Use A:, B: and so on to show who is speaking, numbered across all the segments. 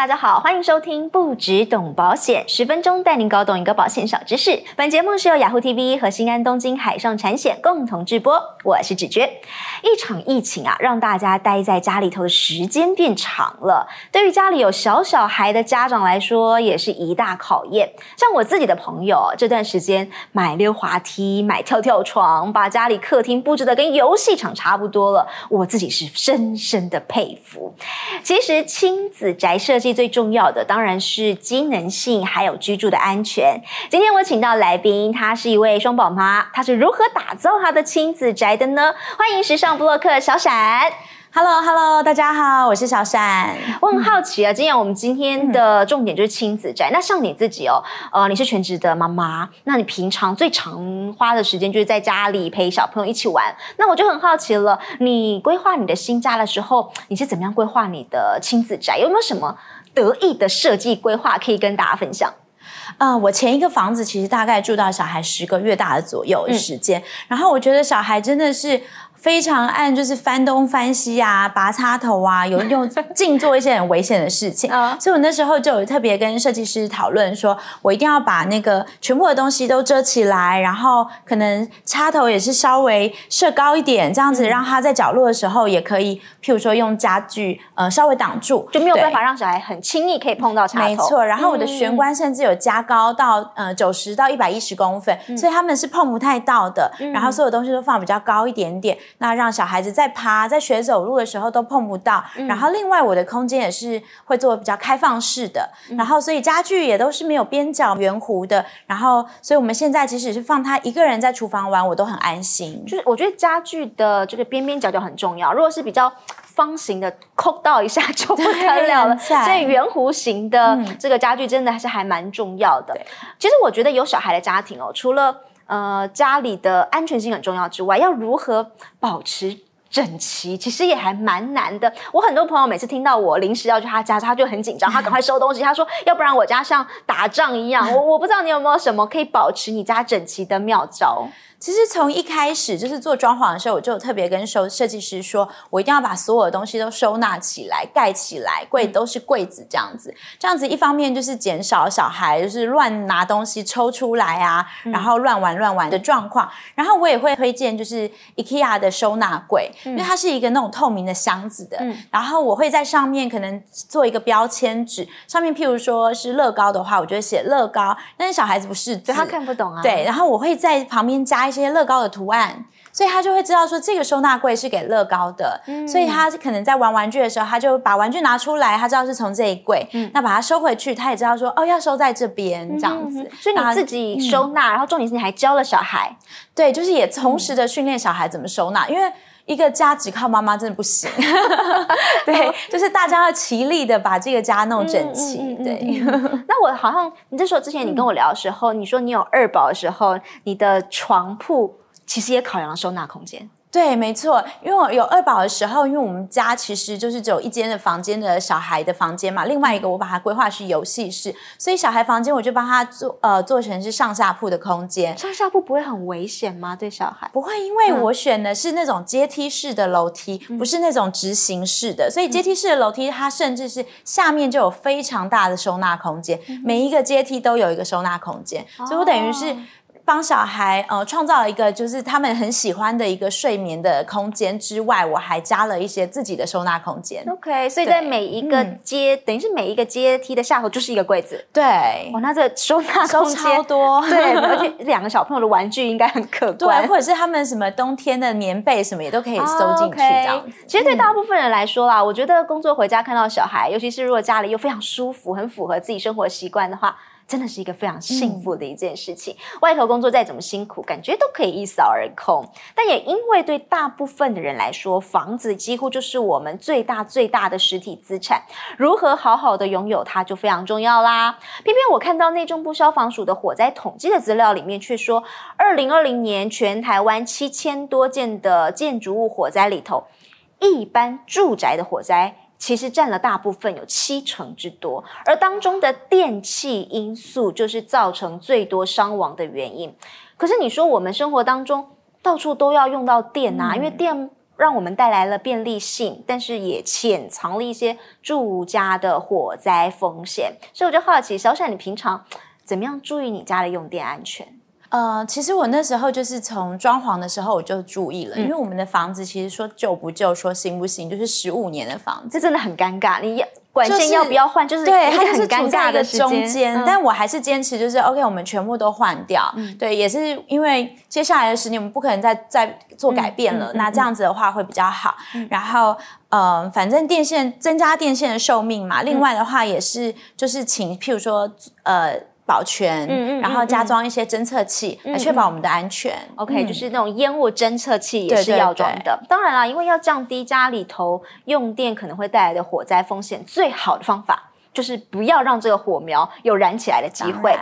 A: 大家好，歡迎收聽《不芷懂保險》，十分鐘帶您搞懂一個保險小知識。本節目是由雅虎 TV 和新安東京海上產險共同制播。我是芷娟。一場疫情啊，讓大家待在家裡頭的時間變長了，對於家裡有小小孩的家長來說，也是一大考驗。像我自己的朋友，這段時間買溜滑梯、買跳跳床，把家裡客廳佈置得跟遊戲場差不多了，我自己是深深的佩服。其實親子宅設計，最重要的當然是機能性，還有居住的安全。今天我請到來賓，她是一位雙寶媽，她是如何打造她的親子宅的呢？歡迎時尚部落客小閃 ，Hello Hello，大家好，我是小閃。 我很好奇啊，今天我們今天的重點就是親子宅， 那像你自己哦，呃，你是全職的媽媽，那你平常最常花的時間就是在家裡陪小朋友一起玩。那我就很好奇了，你規劃你的新家的時候，你是怎麼樣規劃你的親子宅？有沒有什麼？得意的設計規劃可以跟大家分享。
B: 啊、呃，我前一個房子其實大概住到小孩十個月大的左右的時間，嗯、然後我覺得小孩真的是，非常暗，就是翻東翻西啊，拔插頭啊，有用盡做一些很危險的事情啊。 uh, 所以我那時候就有特別跟設計師討論說，說我一定要把那個全部的東西都遮起來，然後可能插頭也是稍微設高一點，這樣子讓它在角落的時候也可以，譬如說用家具呃稍微擋住，就沒有辦法讓小孩很輕易可以碰到插頭。沒錯，然後我的玄關甚至有加高到呃九十到一百一十公分，嗯，所以他們是碰不太到的。嗯，然後所有東西都放比較高一點點。那讓小孩子在爬、在學走路的時候都碰不到。嗯、然後，另外我的空間也是會做比較開放式的。嗯、然後，所以家具也都是沒有邊角圓弧的。然後，所以我們現在即使是放他一個人在廚房玩，我都很安心。就是我覺得家具的這個邊邊角角很重要。如果是比較方形的，扣對到一
A: 下就不得了了。嗯、所以圓弧形的這個家具真的還是還蠻重要的。對其實我覺得有小孩的家庭哦，除了。呃，家裡的安全性很重要之外，要如何保持整齊，其實也還蠻難的。我很多朋友每次聽到我臨時要去他家，他就很緊張，他趕快收東西。 他說：“要不然我家像打仗一樣。”
B: 我我不知道你有沒有什麼可以保持你家整齊的妙招？其實從一開始就是做裝潢的時候，我就特別跟收設計師說，我一定要把所有的東西都收納起來、蓋起來，櫃都是櫃子這樣子。這樣子一方面就是減少小孩就是亂拿東西抽出來啊，然後亂玩亂玩的狀況。然後我也會推薦就是 IKEA 的收納櫃，因為它是一個那種透明的箱子的。然後我會在上面可能做一個標籤紙，上面譬如說是樂高的話，我就會寫樂高。但是小孩子不識字，他看不懂啊。對，然後我會在旁邊加一。一些樂高的圖案，所以他就會知道說這個收納櫃是給樂高的，嗯、所以他可能在玩玩具的時候，他就把玩具拿出來，他知道是從這一櫃，嗯、那把它收回去，他也知道說哦，要收在這邊、嗯、這樣子，所以你自己收納，然後，嗯、然後重點是你還教了小孩，對，就是也同時的訓練小孩怎麼收納，因為一個家只靠媽媽真的不行， 對，哦、就是大家要齊力的把這個家弄整齊。嗯嗯嗯、對， 那我好像，你這時候之前你跟我聊的時候，嗯、你說你有二寶的時候，你的床鋪其實也考量了收納空間。對，沒錯，因為我有二寶的時候，因為我們家其實就是只有一間的房間的小孩的房間嘛，另外一個我把它規劃是遊戲室，所以小孩房間我就幫他做呃做成是上下鋪的空間。上下鋪不會很危險嗎？對小孩不會，因為我選的是那種階梯式的樓梯，嗯、不是那種直行式的，所以階梯式的樓梯它甚至是下面就有非常大的收納空間，每一個階梯都有一個收納空間，哦、所以我等於是。幫小孩呃創造了一個就是他們很喜歡的一個睡眠的空間之外，我還加了一些自己的收納空間。OK，對所以在
A: 每一個階，嗯、等於是每一個階梯的下頭就是一個櫃子。
B: 對，哇、哦，那這收納空間多，對，而且 兩個小朋友的玩具，應該很可觀，對，或者是他們什麼冬天的棉被什麼也都可以收進去，oh, okay. 這樣。其實對大部分人來說啦，嗯、我覺得工作回
A: 家看到小孩，尤其是如果家裡又非常舒服，很符合自己生活習慣的話。真的是一個非常幸福的一件事情。嗯，外頭工作再怎麼辛苦，感覺都可以一掃而空。但也因為對大部分的人來說，房子幾乎就是我們最大最大的實體資產。如何好好的擁有它，就非常重要啦。偏偏我看到內政部消防署的火災統計的資料裡面，卻說，二零二零年全台灣七千多件的建築物火災裡頭，一般住宅的火災。其實占了大部分，有七成之多，而當中的電氣因素就是造成最多傷亡的原因。可是你說，我們生活當中到處都要用到電吶、啊，嗯、因為電讓我們帶來了便利性，但是也潛藏了一些住家的火災風險。所以我就好奇，小閃，你平常怎麼樣注意你家的用電安全？
B: 呃，其實我那時候就是從裝潢的時候我就注意了，因為我們的房子其實說舊不舊，說新不新，就是十五年的房子，這真的很尷尬。你要管線要不要換？就是、就是、對，它很尷尬的中間。嗯、但我還是堅持，就是 OK，我們全部都換掉。嗯、對，也是因為接下來的十年我們不可能再再做改變了。嗯、那這樣子的話會比較好。嗯、然後，呃，反正電線，增加電線的壽命嘛。另外的話也是，就是請譬如說，呃。保全，嗯嗯嗯，然後加裝一些偵測器，嗯嗯，來確保我們的安全。OK，嗯，就是那種煙霧偵測
A: 器也是要裝的。對對對，當然啦，因為要降低家裡頭用電可能會帶來的火災風險，最好的方法就是不要讓這個火苗有燃起來的機會。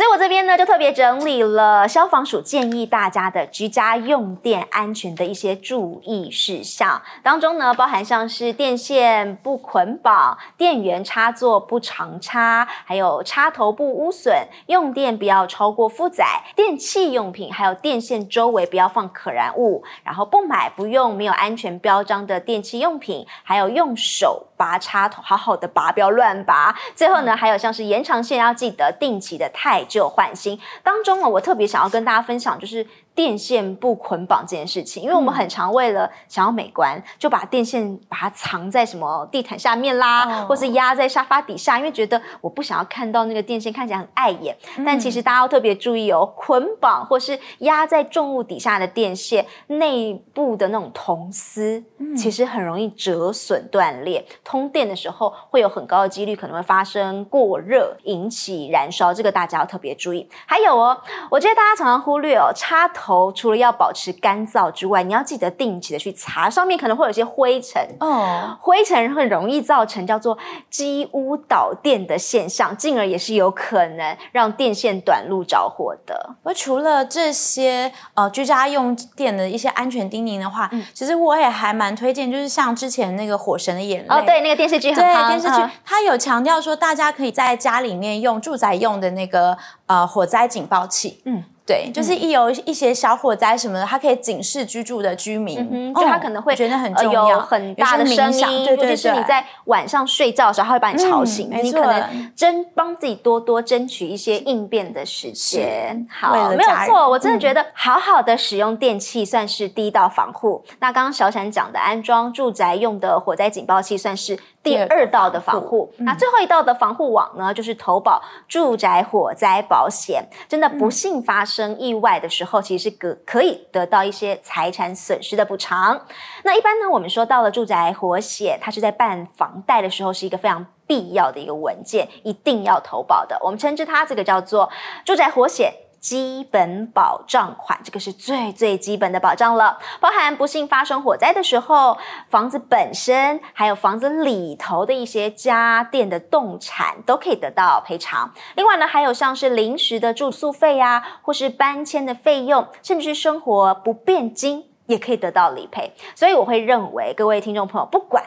A: 所以我這邊呢，就特別整理了消防署建議大家的居家用電安全的一些注意事項，當中呢包含像是電線不捆綁、電源插座不常插，還有插頭不污損、用電不要超過負載、電器用品還有電線周圍不要放可燃物，然後不買不用沒有安全標章的電器用品，還有用手拔插頭，好好的拔，不要亂拔。最後呢，還有像是延長線要記得定期的太。舊換新當中呢，我特別想要跟大家分享，就是電線不捆綁這件事情，因為我們很常為了想要美觀，嗯、就把電線把它藏在什麼地毯下面啦，哦、或是壓在沙發底下，因為覺得我不想要看到那個電線，看起來很礙眼。嗯、但其實大家要特別注意哦，捆綁或是壓在重物底下的電線，內部的那種銅絲，嗯、其實很容易折損斷裂，通電的時候會有很高的幾率可能會發生過熱，引起燃燒，這個大家要特別注意。還有哦，我覺得大家常常忽略哦，插頭頭除了要保持乾燥之外，你要記得定期的去擦上面可能會有些灰塵哦，嗯、灰塵很容易造成叫做積污導電的現象，進而也是有可能讓電線短路着火的。
B: 而除了這些呃居家用電的一些安全叮嚀的話，嗯、其實我也還蠻推薦，就是像之前那個《火神的眼淚》哦，對那個電視劇很好，對，電視劇，他、嗯、有強調說大家可以在家裡面用住宅用的那個呃火災警報器，嗯。對，就是一有一些小火災什麼的，它可以警示居住的居民，就他可能會覺得很重要，有很大的聲響，或者是你在
A: 晚上睡覺的時候，他會把你吵醒。你可能爭幫自己多多爭取一些應變的時間。好，沒有錯，我真的覺得好好的使用電器算是第一道防護。那剛剛小閃講的安裝住宅用的火災警報器算是第二道的防護。那最後一道的防護網呢，就是投保住宅火災保險。真的不幸發生，生意外的時候，其實可可以得到一些財產損失的補償。那一般呢，我們說到了住宅火險，它是在辦房貸的時候是一個非常必要的一個文件，一定要投保的。我們稱之它這個叫做住宅火險。基本保障款，這個是最最基本的保障了，包含不幸發生火災的時候，房子本身還有房子裡頭的一些家電的動產都可以得到賠償。另外呢，還有像是臨時的住宿費啊，或是搬遷的費用，甚至是生活不便金也可以得到理賠。所以我會認為，各位聽眾朋友，不管。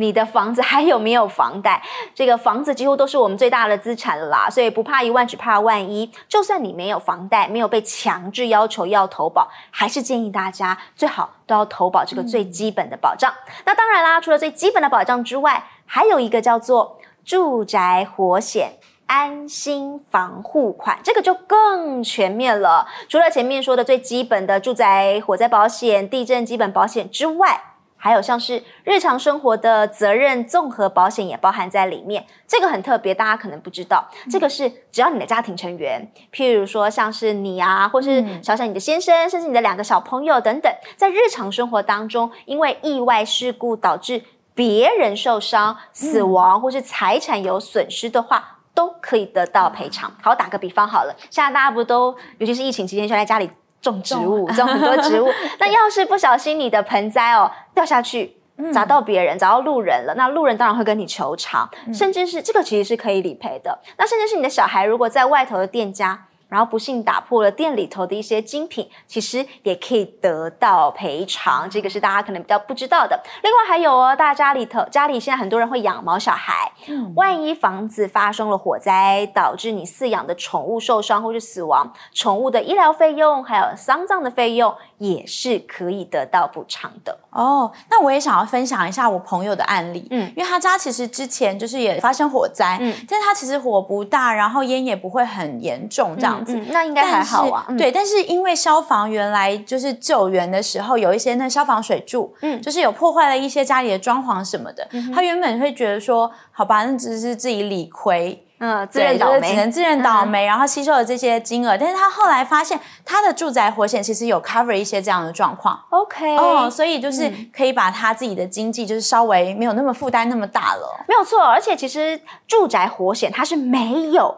A: 你的房子還有沒有房貸？這個房子幾乎都是我們最大的資產啦。所以不怕一萬，只怕萬一。就算你沒有房貸，沒有被強制要求要投保，還是建議大家最好都要投保這個最基本的保障。嗯、那當然啦，除了最基本的保障之外，還有一個叫做住宅火險安心防護款，這個就更全面了。除了前面說的最基本的住宅火災保險、地震基本保險之外。還有像是日常生活的責任綜合保險也包含在裡面，這個很特別，大家可能不知道。這個是只要你的家庭成員，嗯、譬如說像是你啊，或是小閃你的先生，嗯、甚至你的兩個小朋友等等，在日常生活當中，因為意外事故導致別人受傷、嗯、死亡，或是財產有損失的話，都可以得到賠償。嗯、好，打個比方好了，現在大家不都，尤其是疫情期間，就在家裡。種植物，種很多植物。 那要是不小心，你的盆栽哦掉下去，嗯、砸到別人，砸到路人了，那路人當然會跟你求償，嗯、甚至是這個其實是可以理賠的。那甚至是你的小孩，如果在外頭的店家。然後不幸打破了店裡頭的一些精品，其實也可以得到賠償，這個是大家可能比較不知道的。另外還有哦，大家裡頭家裡現在很多人會養毛小孩，嗯，萬一房子發生了火災，導致你飼養的寵物受傷或是死亡，寵物的醫療費用還有喪葬的費用也是可
B: 以得到補償的。哦，那我也想要分享一下我朋友的案例，嗯，因為他家其實之前就是也發生火災，嗯，但是他其實火不大，然後煙也不會很嚴重這樣。嗯嗯、那應該還好啊。對，嗯、但是因為消防員來就是救援的時候，有一些那消防水柱，嗯，就是有破壞了一些家裡的裝潢什麼的。嗯、哼他原本會覺得說，好吧，那只是自己理虧，嗯，自認倒霉，就是、只能自認倒霉，嗯、然後吸收了這些金額。但是他後來發現，他的住宅火險其實有 cover 一些這樣的狀況。OK，哦，oh, 所以就是可以把他自己的經濟就是稍微沒有那麼負擔那麼大了。嗯、沒有錯，而且其實住宅火險它是沒有。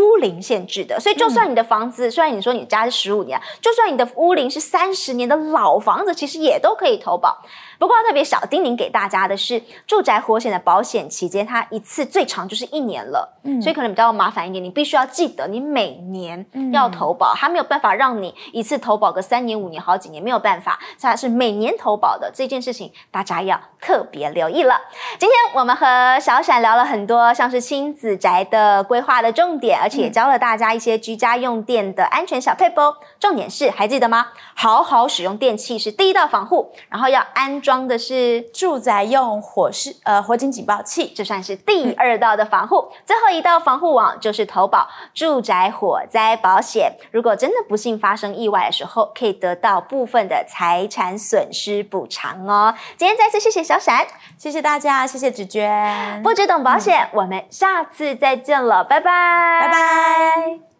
B: 屋齡限制
A: 的，所以就算你的房子，嗯、雖然你說你家是十五年，就算你的屋齡是三十年的老房子，其實也都可以投保。不過特別小叮嚀給大家的是住宅火險的保險期間，它一次最長就是一年了，嗯，所以可能比較麻煩一點，你必須要記得你每年要投保，它沒有辦法讓你一次投保個三年、五年、好幾年，沒有辦法，所以它是每年投保的，這件事情大家要特別留意了。今天我們和小閃聊了很多，像是親子宅的規劃的重點，而且也教了大家一些居家用電的安全小撇步、哦。重點是還記得嗎？好好使用電器是第一道防護，然後要安裝。裝的是住宅用火勢呃火警警報器，這算是第二道的防護。嗯、最後一道防護網就是投保住宅火災保險，如果真的不幸發生意外的時候，可以得到部分的財產損失補償哦。今天再次謝謝小閃，謝謝大家，謝謝芷娟，不芷懂保險，嗯、我們下次再見了，拜拜，拜拜。